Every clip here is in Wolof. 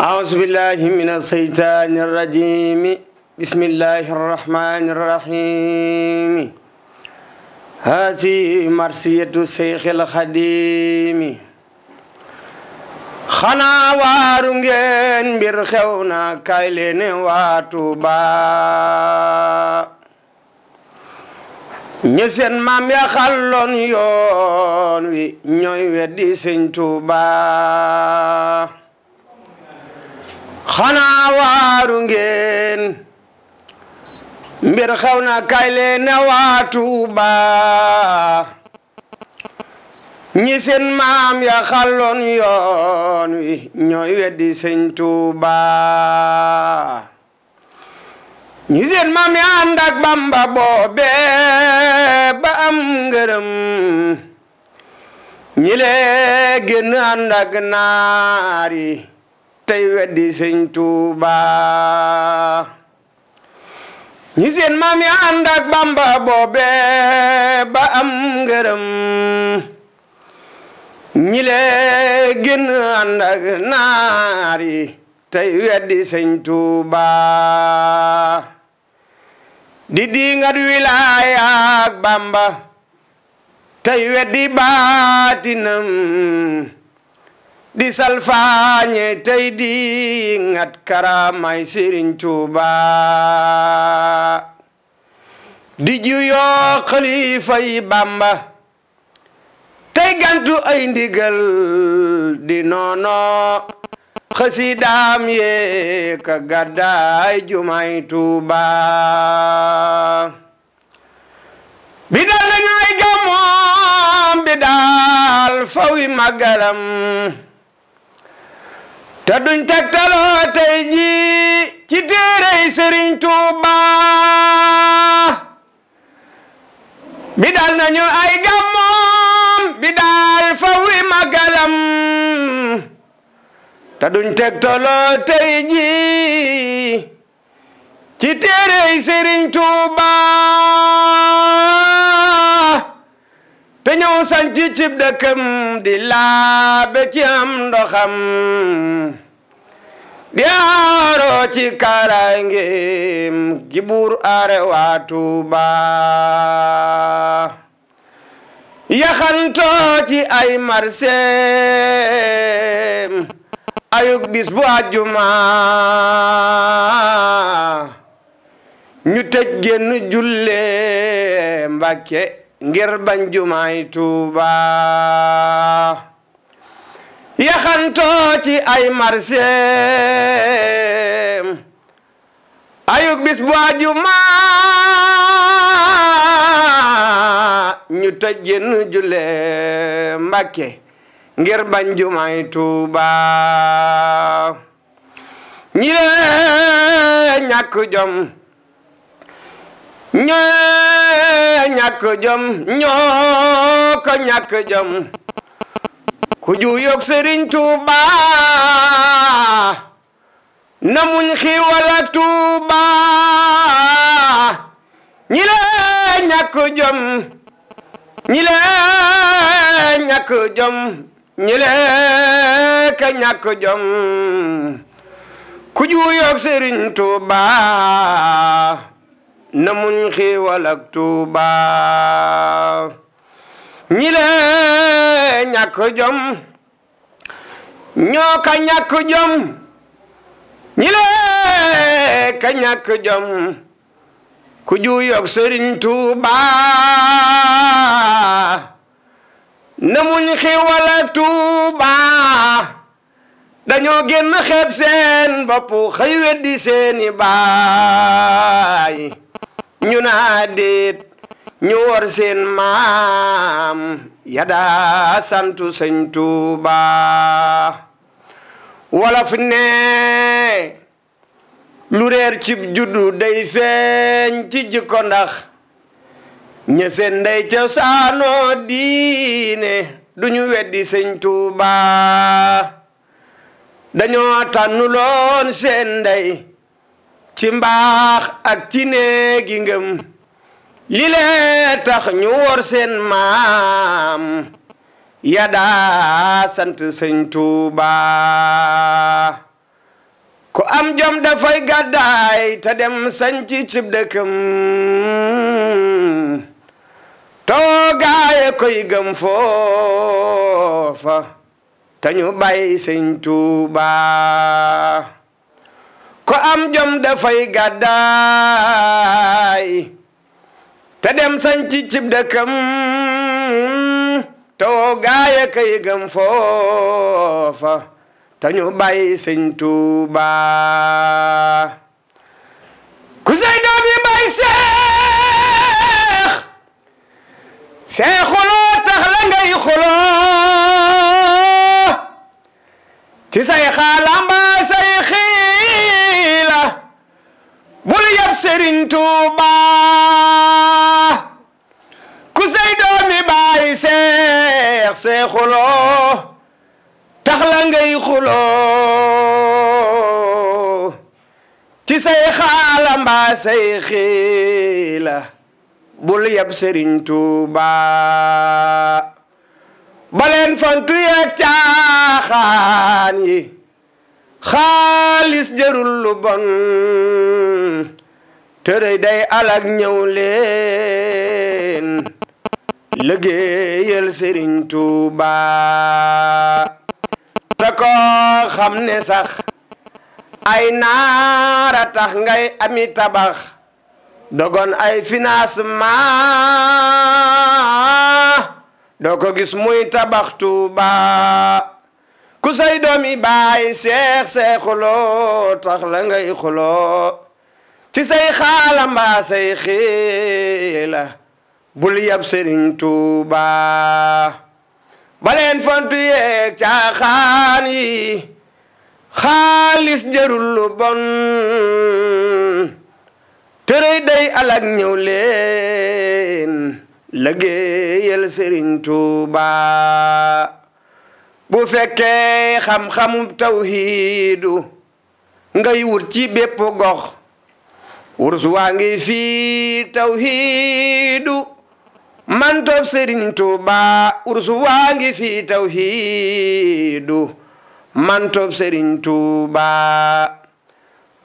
أعوذ بالله من الشيطان الرجيم بسم الله الرحمن الرحيم هذه مرسية الشيخ الخديم xanaa waaru mbir xew na waa Tuuba ñi maam ya xalloon yoon wi ñooy weddi sëñ xanaa waaru mbir xaw na kay leen na waa Tuuba ñi seen maam ya xalloon yoon wi ñooy weddi sëñ Tuuba ñi seen maam ya ànd ak Bamba boobe ba am ngërëm ñi lee génn ànd ak tey weddi sëñ Tuubaa ñi seen maam ya ànd ak Bamba boobe ba am ngërëm ñi lee génn tey weddi sëñ Tuubaa di diingat wilaaya Bamba tey weddi baatinam di salfaañe tey di ngat karamay Sëriñ Tuuba di juyoo xalifa yi Bàmba tey gantu ay ndigal di noono xasidaam ye ka gàddaay jumay Tuuba bi dal nañu ay gàmmoom bi daal magalam te duñ taktaloo tey ci téerey Sëriñ Tuuba bi dal nañu ay gàmmoom bi duñ te ñëw sanc cib di laabe ci am ndoxam diyaaroo ci kaaraangeem gi buur aare waa Tuuba yaxantoo ci ay marseem ayuk bis bu àjjuma ñu tëj génn julle Mbàkke ngir bañ jumaay Tuuba yaxantoo ci ay marseem ayuk bis bu ajuma ñu tëj jën jule mbàkke ngir bañ jumay tuuba ñi lee ñàkk jom ñoo ñàkk jom ñoo ko ñàkk jom ku juyoog sëriñ tuuba na muñ xiwal ak tuuba ñi la ñàkk jom ñi la ñàkk jom ñi la ka ñàkk jom ku juyoog sëriñ tuuba na muñ xiwal ak tuuba ñi lee jom ñoo ka ñàkk jom ñi ka ñàkk jom ku juuyoog sëriñ Tuuba na muñ xiwal ak Tuuba dañoo génn xeeb seen bopp xëy weddi seeni baay ñu naa déet ñu wor seen maam yada santu sëñ Tuuba wolof ne lu réer cib juddu day feeñ ci jikko ndax ña seen ndey ca saanoo diine duñu weddi sëñ Tuuba dañoo tànnuloon seen ndey ci mbaax ak ci néegi ngëm li lee tax ñu wor seen maam ya daa sant sëñ Tuuba am jom dafay gàddaay te dem sanci cib dëkkam toogaaye koy gëm foofa te ñu bàyyi sëñ Tuuba ku am jom dafay gàddaay te dem sañci cib dëkkam te woo gaaya kay gëm foofa te ñu bàyyi sëñ Tuuba ku say doom yi bay seex see tax la ngay xoloo ci say xaalam sëriñ Tuuba ku say doomi baay seex see xuloo tax la ngay xuloo ci say xaala mbaa say bul yab sëriñ Tuuba baleen fantu yeeg caaxaan yi xaalis jërul lu bon tërëy day alak ñëw leen liggéeyal sëriñ Tuuba te ko xam ne sax ay naara tax ngay ami tabax dogon ay financement doo ko gis muy tabax Tuuba ku say doomi baay seex seexuloo tax la ngay xuloo ci say xaala mbaa say xiila bul yab sëriñ tuuba baleen fontu yeeg caaxaan yi xaalis jërul bon tërëy day alag ñëw leen lëggéeyal sëriñ tuuba bu fekkee xam-xamu tawhiidu ngay wut ci bépp gox wursu waa ngi fii tawhiidu man topp Sëriñ Tuuba wursu waa ngi fii tawhiidu man topp Sëriñ Tuuba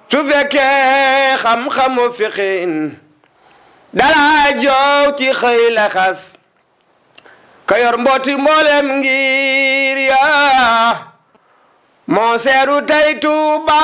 su fekkee xam-xamu fiqin dara joow ci xëy la xas ka yor mbooti mboolem ngir yaa moo seeru tey Tuuba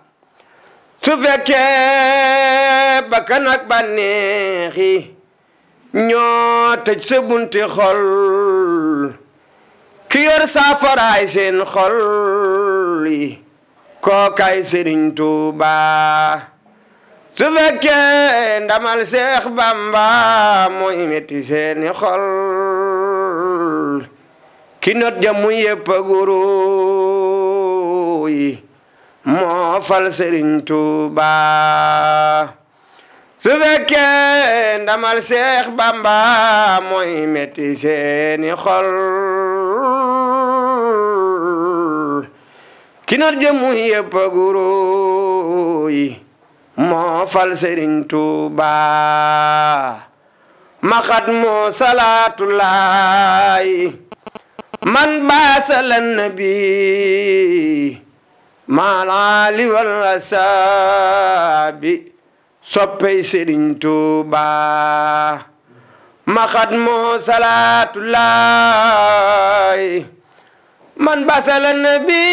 su fekkee bakkan ak bànneex yi ñoo xol ki yor saafaraay seen xol yi kookaay Sëriñ Tuubaa su ndamal Seex Bamba mooy metti seeni xol ki not jamu yëpp a guru moo fal Sëriñ Tuuba su fekkee ndamal Seex Bamba mooy metti seeni xol ki not jëmu yëpp guru moo fal Sëriñ Tuuba maxat moo salaatulaay man baasala nabi maal aali wal asaabi soppey Sëriñ Tuubaa maxat moo salaatullaay man basala nabi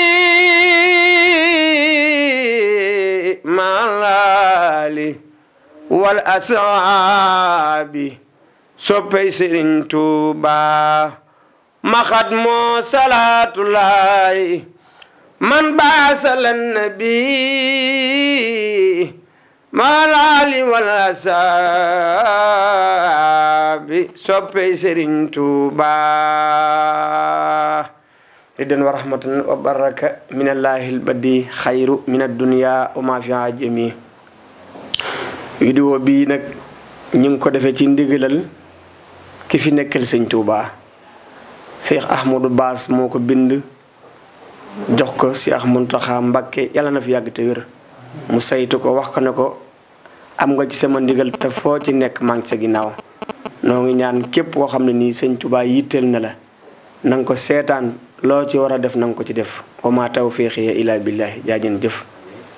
maal aali wal asaabi soppey Sëriñ Tuubaa maxat moo salaatullaay من باسل النبي ما العلي والأصحاب سوبي سرين توبا ردا ورحمة وبركة من الله البدي خير من الدنيا وما فيها جميع vidéo bii nag ñu ngi ko defee ci ndigalal ki fi nekkal sëñ Touba Cheikh Ahmadou Bass moo ko bind jox ko Cheikh Mountakha Mbacké yàlla na fi yàgg te wér mu saytu ko wax ko ne ko am nga ci sama ndigal te foo ci nekk maa sa ginnaaw noo ngi ñaan képp koo xam ne nii sëñ Tuubaa yitteel na la nanga ko seetaan loo ci war a def nanga ko ci def wa ma tawfiiqi illa billaahi jaajën jëf